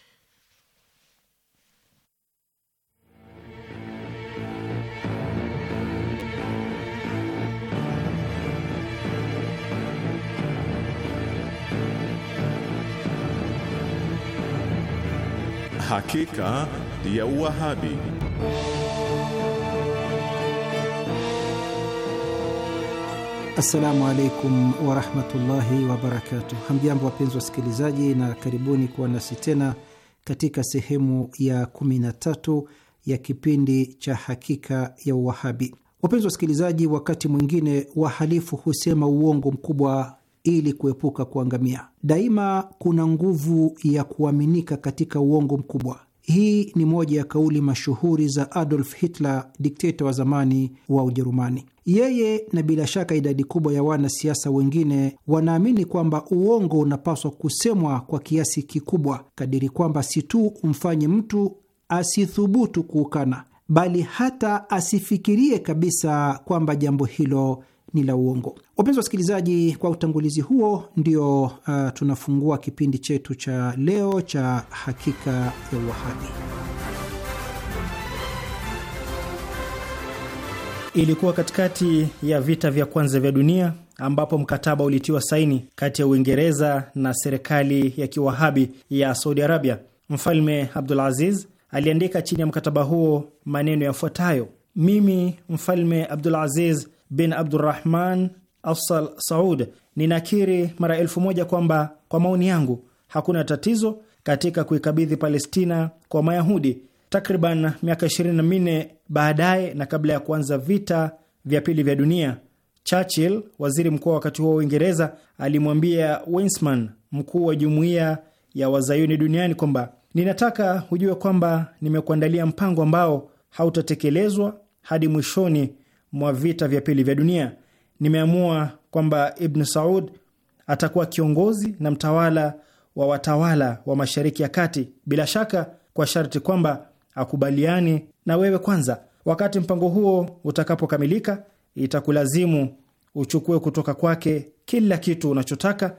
Hakika ya Uwahabi. Assalamu alaikum warahmatullahi wabarakatu. Hamjambo wapenzi wasikilizaji, na karibuni kuwa nasi tena katika sehemu ya 13 ya kipindi cha Hakika ya Uwahabi. Wapenzi wasikilizaji, wakati mwingine wahalifu husema uongo mkubwa ili kuepuka kuangamia. Daima kuna nguvu ya kuaminika katika uongo mkubwa. Hii ni moja ya kauli mashuhuri za Adolf Hitler, dikteta wa zamani wa Ujerumani. Yeye na bila shaka idadi kubwa ya wanasiasa wengine wanaamini kwamba uongo unapaswa kusemwa kwa kiasi kikubwa, kadiri kwamba si tu umfanye mtu asithubutu kuukana, bali hata asifikirie kabisa kwamba jambo hilo ni la uongo. Wapenzi wasikilizaji, kwa utangulizi huo ndio uh, tunafungua kipindi chetu cha leo cha Hakika ya Uwahabi. Ilikuwa katikati ya vita vya kwanza vya dunia ambapo mkataba ulitiwa saini kati ya Uingereza na serikali ya kiwahabi ya Saudi Arabia. Mfalme Abdul Aziz aliandika chini ya mkataba huo maneno yafuatayo: mimi mfalme Abdul Aziz bin Abdurrahman Afsal Saud, ninakiri mara elfu moja kwamba kwa maoni yangu hakuna tatizo katika kuikabidhi Palestina kwa Mayahudi. Takriban miaka 24 baadaye na kabla ya kuanza vita vya pili vya dunia, Churchill, waziri mkuu wa wakati huo wa Uingereza, alimwambia winsman mkuu wa jumuiya ya wazayuni duniani kwamba ninataka hujue kwamba nimekuandalia mpango ambao hautatekelezwa hadi mwishoni mwa vita vya pili vya dunia. Nimeamua kwamba Ibn Saud atakuwa kiongozi na mtawala wa watawala wa Mashariki ya Kati, bila shaka kwa sharti kwamba akubaliane na wewe kwanza. Wakati mpango huo utakapokamilika, itakulazimu uchukue kutoka kwake kila kitu unachotaka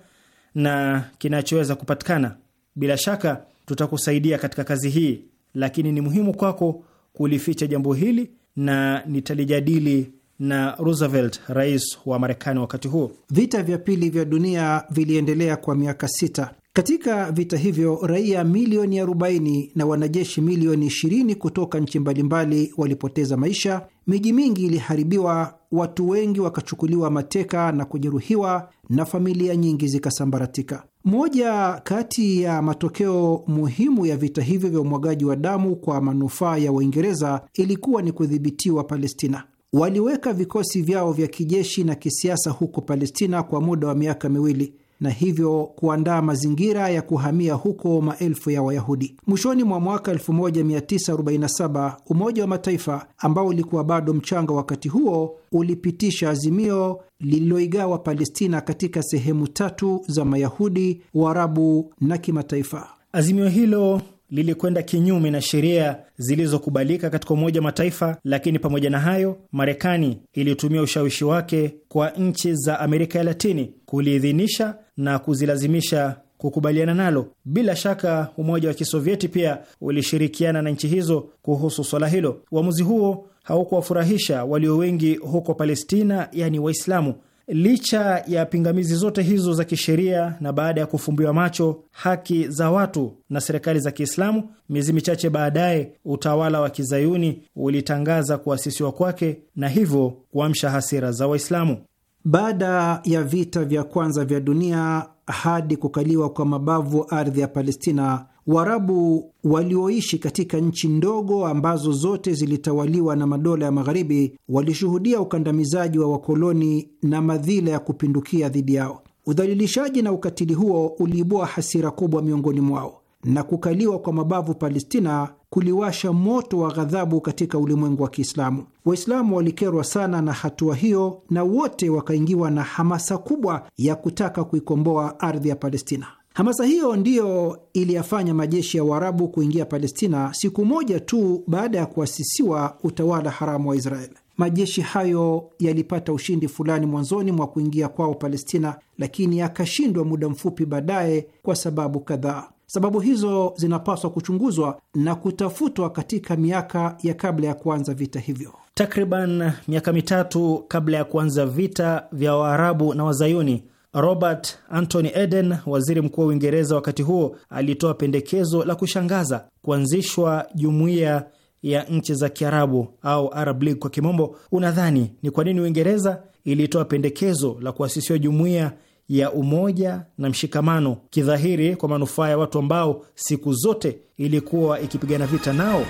na kinachoweza kupatikana. Bila shaka tutakusaidia katika kazi hii, lakini ni muhimu kwako kulificha jambo hili na nitalijadili na Roosevelt, rais wa Marekani wakati huo. Vita vya pili vya dunia viliendelea kwa miaka sita. Katika vita hivyo raia milioni 40 na wanajeshi milioni 20 kutoka nchi mbalimbali walipoteza maisha, miji mingi iliharibiwa, watu wengi wakachukuliwa mateka na kujeruhiwa, na familia nyingi zikasambaratika. Moja kati ya matokeo muhimu ya vita hivyo vya umwagaji wa damu kwa manufaa ya Waingereza ilikuwa ni kudhibitiwa Palestina. Waliweka vikosi vyao vya kijeshi na kisiasa huko Palestina kwa muda wa miaka miwili na hivyo kuandaa mazingira ya kuhamia huko maelfu ya Wayahudi. Mwishoni mwa mwaka 1947 Umoja wa Mataifa ambao ulikuwa bado mchanga wakati huo ulipitisha azimio lililoigawa Palestina katika sehemu tatu za Mayahudi, Waarabu na kimataifa. Azimio hilo lilikwenda kinyume na sheria zilizokubalika katika Umoja wa Mataifa, lakini pamoja na hayo, Marekani ilitumia ushawishi wake kwa nchi za Amerika ya Latini kuliidhinisha na kuzilazimisha kukubaliana nalo. Bila shaka Umoja wa Kisovyeti pia ulishirikiana na nchi hizo kuhusu swala hilo. Uamuzi huo haukuwafurahisha walio wengi huko Palestina, yani Waislamu. Licha ya pingamizi zote hizo za kisheria na baada ya kufumbiwa macho haki za watu na serikali za Kiislamu, miezi michache baadaye utawala wa kizayuni ulitangaza kuasisiwa kwake na hivyo kuamsha hasira za Waislamu. Baada ya vita vya kwanza vya dunia hadi kukaliwa kwa mabavu ardhi ya Palestina, Waarabu walioishi katika nchi ndogo ambazo zote zilitawaliwa na madola ya Magharibi walishuhudia ukandamizaji wa wakoloni na madhila ya kupindukia dhidi yao. Udhalilishaji na ukatili huo uliibua hasira kubwa miongoni mwao, na kukaliwa kwa mabavu Palestina kuliwasha moto wa ghadhabu katika ulimwengu wa Kiislamu. Waislamu walikerwa sana na hatua hiyo, na wote wakaingiwa na hamasa kubwa ya kutaka kuikomboa ardhi ya Palestina. Hamasa hiyo ndiyo iliyafanya majeshi ya Waarabu kuingia Palestina siku moja tu baada ya kuasisiwa utawala haramu wa Israeli. Majeshi hayo yalipata ushindi fulani mwanzoni mwa kuingia kwao Palestina, lakini yakashindwa muda mfupi baadaye kwa sababu kadhaa. Sababu hizo zinapaswa kuchunguzwa na kutafutwa katika miaka ya kabla ya kuanza vita hivyo. Takriban miaka mitatu kabla ya kuanza vita vya Waarabu na Wazayuni, Robert Anthony Eden, waziri mkuu wa Uingereza wakati huo, alitoa pendekezo la kushangaza kuanzishwa jumuiya ya nchi za Kiarabu au Arab League kwa kimombo. Unadhani ni kwa nini Uingereza ilitoa pendekezo la kuasisiwa jumuiya ya umoja na mshikamano kidhahiri kwa manufaa ya watu ambao siku zote ilikuwa ikipigana vita nao.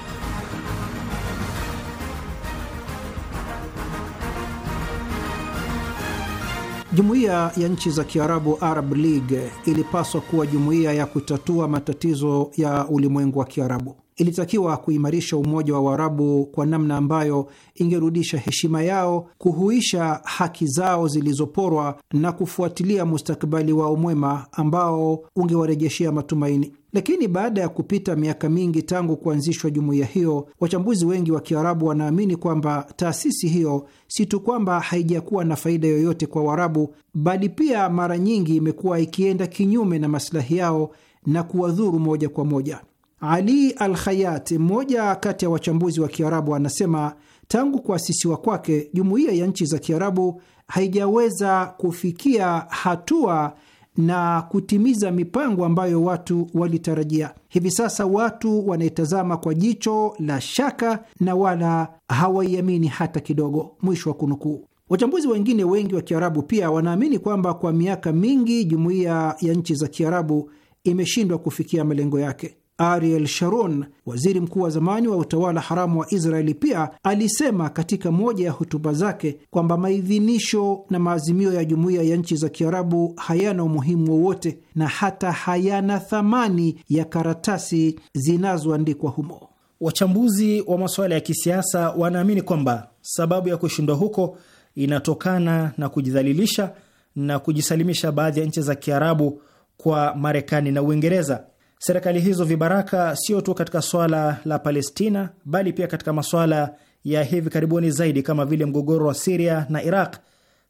Jumuiya ya nchi za Kiarabu, Arab League, ilipaswa kuwa jumuiya ya kutatua matatizo ya ulimwengu wa Kiarabu ilitakiwa kuimarisha umoja wa Waarabu kwa namna ambayo ingerudisha heshima yao, kuhuisha haki zao zilizoporwa na kufuatilia mustakabali wao mwema ambao ungewarejeshea matumaini. Lakini baada ya kupita miaka mingi tangu kuanzishwa jumuiya hiyo, wachambuzi wengi wa Kiarabu wanaamini kwamba taasisi hiyo si tu kwamba haijakuwa na faida yoyote kwa Waarabu, bali pia mara nyingi imekuwa ikienda kinyume na masilahi yao na kuwadhuru moja kwa moja. Ali al Hayat, mmoja kati ya wachambuzi wa Kiarabu, anasema tangu kuasisiwa kwake, jumuiya ya nchi za Kiarabu haijaweza kufikia hatua na kutimiza mipango ambayo watu walitarajia. Hivi sasa watu wanaitazama kwa jicho la shaka na wala hawaiamini hata kidogo. Mwisho wa kunukuu. Wachambuzi wengine wengi wa Kiarabu pia wanaamini kwamba kwa miaka mingi jumuiya ya nchi za Kiarabu imeshindwa kufikia malengo yake. Ariel Sharon, waziri mkuu wa zamani wa utawala haramu wa Israeli, pia alisema katika moja ya hotuba zake kwamba maidhinisho na maazimio ya jumuiya ya nchi za Kiarabu hayana umuhimu wowote na hata hayana thamani ya karatasi zinazoandikwa humo. Wachambuzi wa masuala ya kisiasa wanaamini kwamba sababu ya kushindwa huko inatokana na kujidhalilisha na kujisalimisha baadhi ya nchi za Kiarabu kwa Marekani na Uingereza serikali hizo vibaraka sio tu katika swala la Palestina bali pia katika maswala ya hivi karibuni zaidi kama vile mgogoro wa Siria na Iraq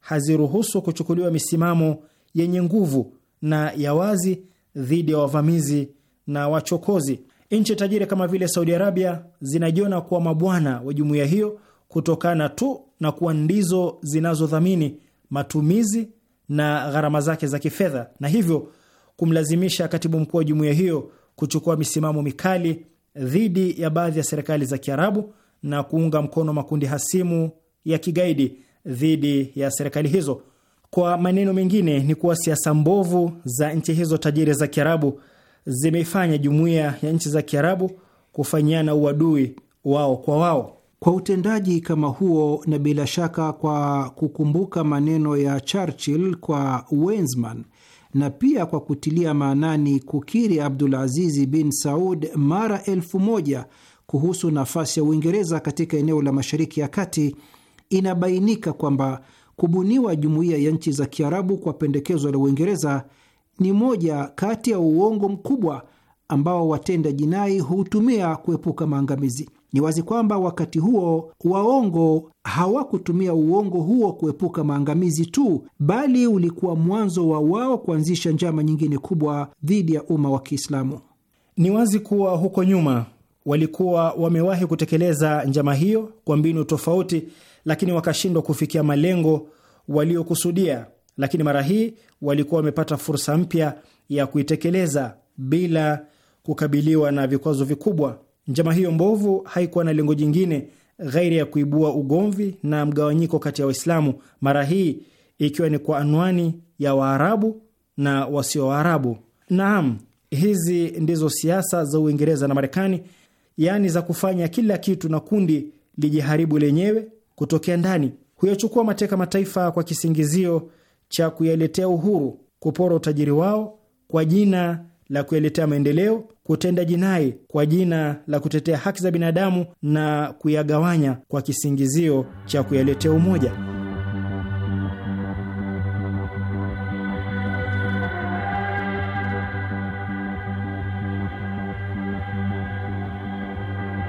haziruhusu kuchukuliwa misimamo yenye nguvu na ya wazi dhidi ya wavamizi na wachokozi. Nchi tajiri kama vile Saudi Arabia zinajiona kuwa mabwana wa jumuiya hiyo kutokana tu na kuwa ndizo zinazodhamini matumizi na gharama zake za kifedha na hivyo kumlazimisha katibu mkuu wa jumuiya hiyo kuchukua misimamo mikali dhidi ya baadhi ya serikali za Kiarabu na kuunga mkono makundi hasimu ya kigaidi dhidi ya serikali hizo. Kwa maneno mengine, ni kuwa siasa mbovu za nchi hizo tajiri za Kiarabu zimeifanya jumuiya ya nchi za Kiarabu kufanyiana uadui wao kwa wao. Kwa utendaji kama huo, na bila shaka kwa kukumbuka maneno ya Churchill kwa Weizmann na pia kwa kutilia maanani kukiri abdul azizi bin Saud mara elfu moja kuhusu nafasi ya Uingereza katika eneo la Mashariki ya Kati, inabainika kwamba kubuniwa jumuiya ya nchi za Kiarabu kwa pendekezo la Uingereza ni moja kati ya uongo mkubwa ambao watenda jinai hutumia kuepuka maangamizi. Ni wazi kwamba wakati huo waongo hawakutumia uongo huo kuepuka maangamizi tu, bali ulikuwa mwanzo wa wao kuanzisha njama nyingine kubwa dhidi ya umma wa Kiislamu. Ni wazi kuwa huko nyuma walikuwa wamewahi kutekeleza njama hiyo kwa mbinu tofauti, lakini wakashindwa kufikia malengo waliokusudia. Lakini mara hii walikuwa wamepata fursa mpya ya kuitekeleza bila kukabiliwa na vikwazo vikubwa. Njama hiyo mbovu haikuwa na lengo jingine ghairi ya kuibua ugomvi na mgawanyiko kati ya Waislamu, mara hii ikiwa ni kwa anwani ya Waarabu na wasio Waarabu. Naam, hizi ndizo siasa za Uingereza na Marekani, yaani za kufanya kila kitu na kundi lijiharibu lenyewe kutokea ndani. Huyachukua mateka mataifa kwa kisingizio cha kuyaletea uhuru, kupora utajiri wao kwa jina la kuyaletea maendeleo, kutenda jinai kwa jina la kutetea haki za binadamu na kuyagawanya kwa kisingizio cha kuyaletea umoja.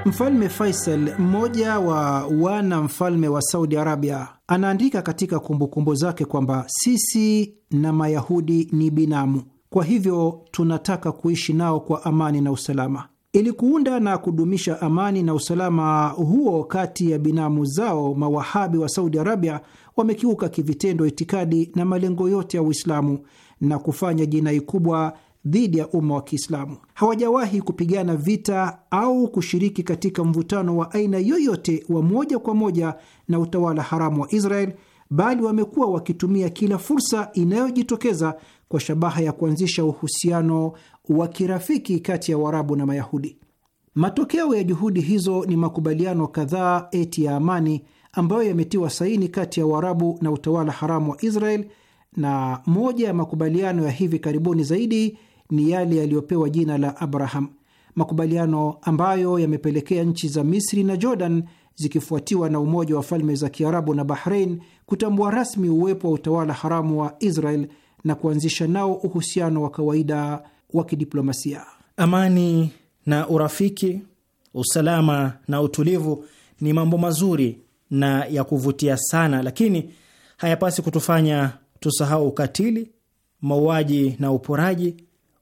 Mfalme Faisal, mmoja wa wana mfalme wa Saudi Arabia, anaandika katika kumbukumbu zake kwamba sisi na Mayahudi ni binamu kwa hivyo tunataka kuishi nao kwa amani na usalama. Ili kuunda na kudumisha amani na usalama huo kati ya binamu zao, mawahabi wa Saudi Arabia wamekiuka kivitendo itikadi na malengo yote ya Uislamu na kufanya jinai kubwa dhidi ya umma wa Kiislamu. Hawajawahi kupigana vita au kushiriki katika mvutano wa aina yoyote wa moja kwa moja na utawala haramu wa Israel, bali wamekuwa wakitumia kila fursa inayojitokeza kwa shabaha ya kuanzisha uhusiano wa kirafiki kati ya Waarabu na Mayahudi. Matokeo ya juhudi hizo ni makubaliano kadhaa eti ya amani ambayo yametiwa saini kati ya Waarabu na utawala haramu wa Israel, na moja ya makubaliano ya hivi karibuni zaidi ni yale yaliyopewa jina la Abraham, makubaliano ambayo yamepelekea nchi za Misri na Jordan zikifuatiwa na Umoja wa Falme za Kiarabu na Bahrein kutambua rasmi uwepo wa utawala haramu wa Israel na kuanzisha nao uhusiano wa kawaida wa kidiplomasia. Amani na urafiki, usalama na utulivu ni mambo mazuri na ya kuvutia sana, lakini hayapasi kutufanya tusahau ukatili, mauaji na uporaji,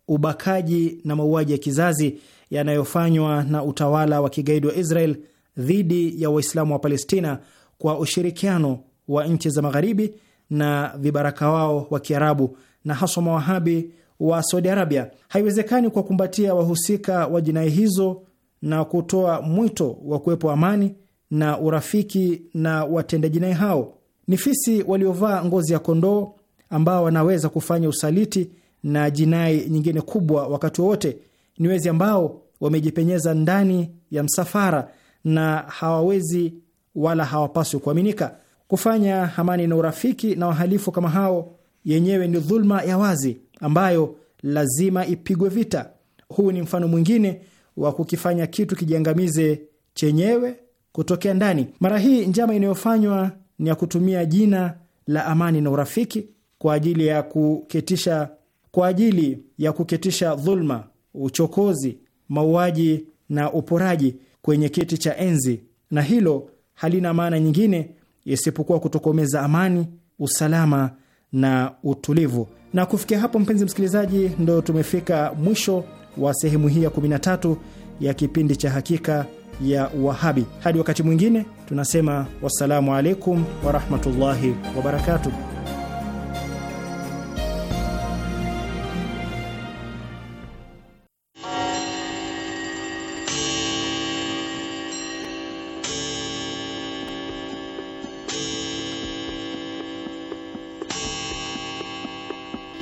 ubakaji na mauaji ya kizazi yanayofanywa na utawala wa kigaidi wa Israel dhidi ya Waislamu wa Palestina kwa ushirikiano wa nchi za Magharibi na vibaraka wao wa Kiarabu na haswa mawahabi wa Saudi Arabia. Haiwezekani kuwakumbatia wahusika wa jinai hizo na kutoa mwito wa kuwepo amani na urafiki na watenda jinai hao. Ni fisi waliovaa ngozi ya kondoo ambao wanaweza kufanya usaliti na jinai nyingine kubwa wakati wowote. Ni wezi ambao wamejipenyeza ndani ya msafara na hawawezi wala hawapaswi kuaminika. Kufanya amani na urafiki na wahalifu kama hao yenyewe ni dhulma ya wazi ambayo lazima ipigwe vita. Huu ni mfano mwingine wa kukifanya kitu kijiangamize chenyewe kutokea ndani. Mara hii njama inayofanywa ni ya kutumia jina la amani na urafiki kwa ajili ya kuketisha, kwa ajili ya kuketisha dhulma, uchokozi, mauaji na uporaji kwenye kiti cha enzi, na hilo halina maana nyingine isipokuwa kutokomeza amani, usalama na utulivu. Na kufikia hapo, mpenzi msikilizaji, ndo tumefika mwisho wa sehemu hii ya 13 ya kipindi cha Hakika ya Wahabi. Hadi wakati mwingine, tunasema wassalamu alaikum warahmatullahi wabarakatuh.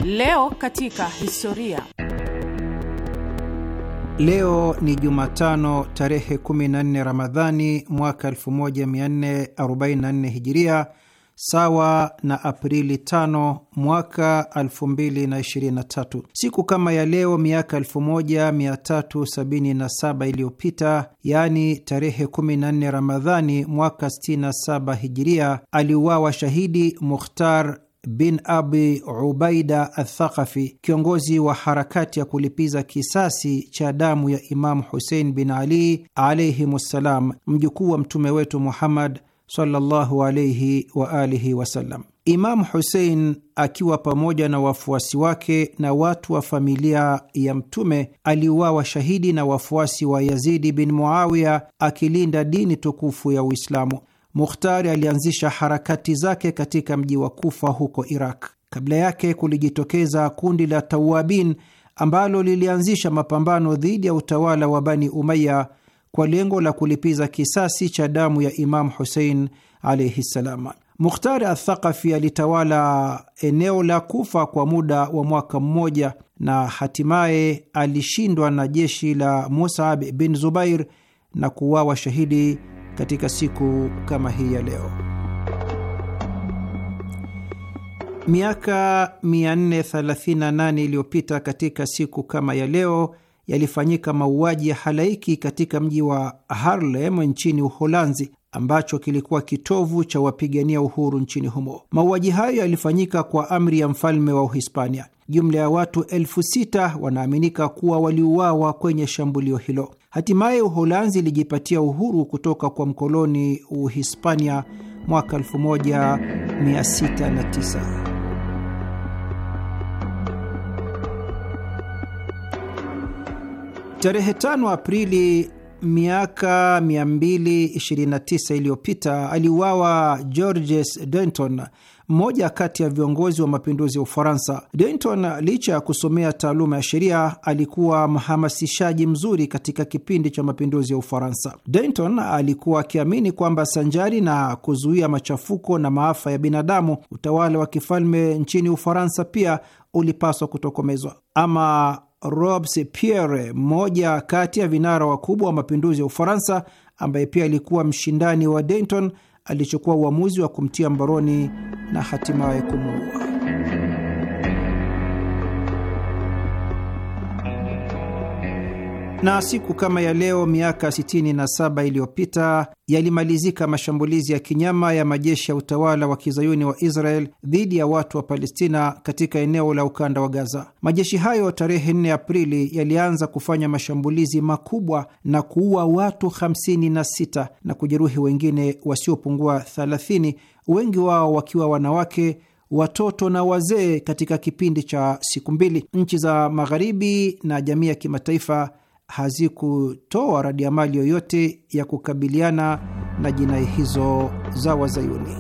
Leo katika historia. Leo ni Jumatano tarehe 14 Ramadhani mwaka 1444 Hijiria, sawa na Aprili 5 mwaka 2023. Siku kama ya leo miaka 1377 iliyopita, yaani tarehe 14 Ramadhani mwaka 67 Hijiria, aliuawa shahidi Mukhtar bin Abi Ubaida Athaqafi, kiongozi wa harakati ya kulipiza kisasi cha damu ya Imamu Husein bin Ali alaihim ssalam, mjukuu wa mtume wetu Muhammad sallallahu alaihi wa alihi wasallam. Imamu Husein akiwa pamoja na wafuasi wake na watu wa familia ya Mtume aliuawa shahidi na wafuasi wa Yazidi bin Muawiya akilinda dini tukufu ya Uislamu. Mukhtari alianzisha harakati zake katika mji wa Kufa huko Iraq. Kabla yake kulijitokeza kundi la Tawabin ambalo lilianzisha mapambano dhidi ya utawala wa Bani Umaya kwa lengo la kulipiza kisasi cha damu ya Imamu Husein alaihi ssalam. Mukhtari Athaqafi alitawala eneo la Kufa kwa muda wa mwaka mmoja na hatimaye alishindwa na jeshi la Musab bin Zubair na kuuawa shahidi katika siku kama hii ya leo miaka 438 iliyopita katika siku kama ya leo yalifanyika mauaji ya halaiki katika mji wa Harlem nchini Uholanzi ambacho kilikuwa kitovu cha wapigania uhuru nchini humo. Mauaji hayo yalifanyika kwa amri ya mfalme wa Uhispania. Jumla ya watu elfu sita wanaaminika kuwa waliuawa kwenye shambulio hilo. Hatimaye Uholanzi ilijipatia uhuru kutoka kwa mkoloni Uhispania mwaka 1609. Tarehe 5 Aprili miaka 229 iliyopita aliuawa Georges Danton, mmoja kati ya viongozi wa mapinduzi ya Ufaransa. Danton, licha ya kusomea taaluma ya sheria, alikuwa mhamasishaji mzuri katika kipindi cha mapinduzi ya Ufaransa. Danton alikuwa akiamini kwamba sanjari na kuzuia machafuko na maafa ya binadamu, utawala wa kifalme nchini Ufaransa pia ulipaswa kutokomezwa. Ama Robespierre, mmoja kati ya vinara wakubwa wa mapinduzi ya Ufaransa, ambaye pia alikuwa mshindani wa Danton, alichukua uamuzi wa kumtia mbaroni na hatimaye kumuua. Na siku kama ya leo miaka 67 iliyopita yalimalizika mashambulizi ya kinyama ya majeshi ya utawala wa kizayuni wa Israel dhidi ya watu wa Palestina katika eneo la ukanda wa Gaza. Majeshi hayo tarehe 4 Aprili yalianza kufanya mashambulizi makubwa na kuua watu 56 na kujeruhi wengine wasiopungua 30, wengi wao wakiwa wanawake watoto na wazee katika kipindi cha siku mbili. Nchi za Magharibi na jamii ya kimataifa hazikutoa radiamali yoyote ya kukabiliana na jinai hizo za Wazayuni.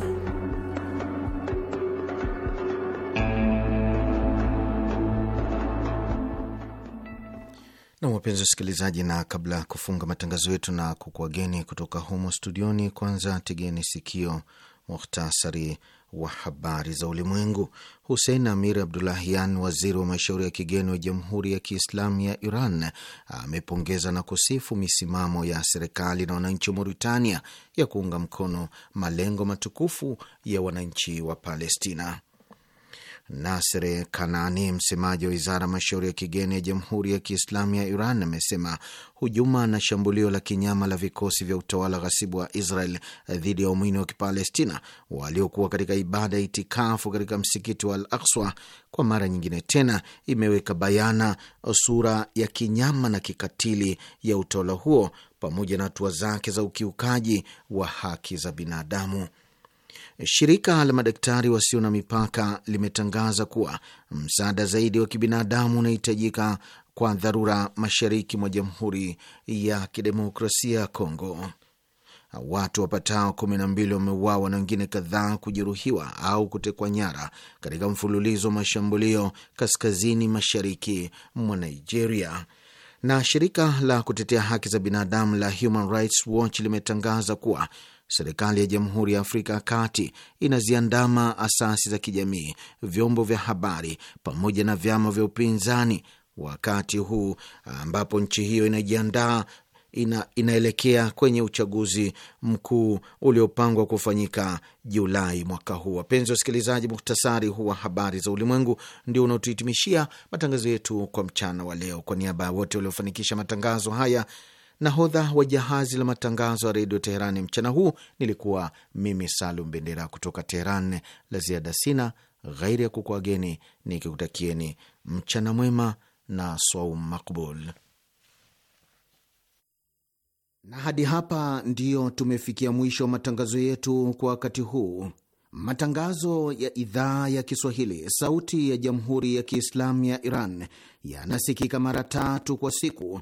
Na wapenzi wasikilizaji, na kabla ya kufunga matangazo yetu na kukuageni kutoka humo studioni, kwanza tegeni sikio muhtasari wa habari za ulimwengu. Husein Amir Abdulahian, waziri wa mashauri ya kigeni wa Jamhuri ya Kiislamu ya Iran, amepongeza na kusifu misimamo ya serikali na wananchi wa Mauritania ya kuunga mkono malengo matukufu ya wananchi wa Palestina. Nasre Kanani, msemaji wa wizara ya mashauri ya kigeni ya Jamhuri ya Kiislamu ya Iran, amesema hujuma na shambulio la kinyama la vikosi vya utawala ghasibu wa Israel dhidi ya waumini wa Kipalestina waliokuwa katika ibada ya itikafu katika msikiti wa Al Akswa kwa mara nyingine tena imeweka bayana sura ya kinyama na kikatili ya utawala huo pamoja na hatua zake za ukiukaji wa haki za binadamu. Shirika la madaktari wasio na mipaka limetangaza kuwa msaada zaidi wa kibinadamu unahitajika kwa dharura mashariki mwa Jamhuri ya Kidemokrasia ya Kongo. Watu wapatao kumi na mbili wameuawa na wengine kadhaa kujeruhiwa au kutekwa nyara katika mfululizo wa mashambulio kaskazini mashariki mwa Nigeria. Na shirika la kutetea haki za binadamu la Human Rights Watch limetangaza kuwa serikali ya Jamhuri ya Afrika ya Kati inaziandama asasi za kijamii, vyombo vya habari pamoja na vyama vya upinzani, wakati huu ambapo nchi hiyo inajiandaa ina, inaelekea kwenye uchaguzi mkuu uliopangwa kufanyika Julai mwaka huu. Wapenzi wasikilizaji, muhtasari huu wa habari za ulimwengu ndio unaotuhitimishia matangazo yetu kwa mchana wa leo. Kwa niaba ya wote waliofanikisha matangazo haya nahodha wa jahazi la matangazo ya redio Teherani mchana huu nilikuwa mimi Salum Bendera kutoka Teheran. La ziada sina ghairi ya kukuageni nikikutakieni mchana mwema na swaum makbul. Na hadi hapa ndiyo tumefikia mwisho wa matangazo yetu kwa wakati huu. Matangazo ya idhaa ya Kiswahili sauti ya jamhuri ya Kiislamu ya Iran yanasikika mara tatu kwa siku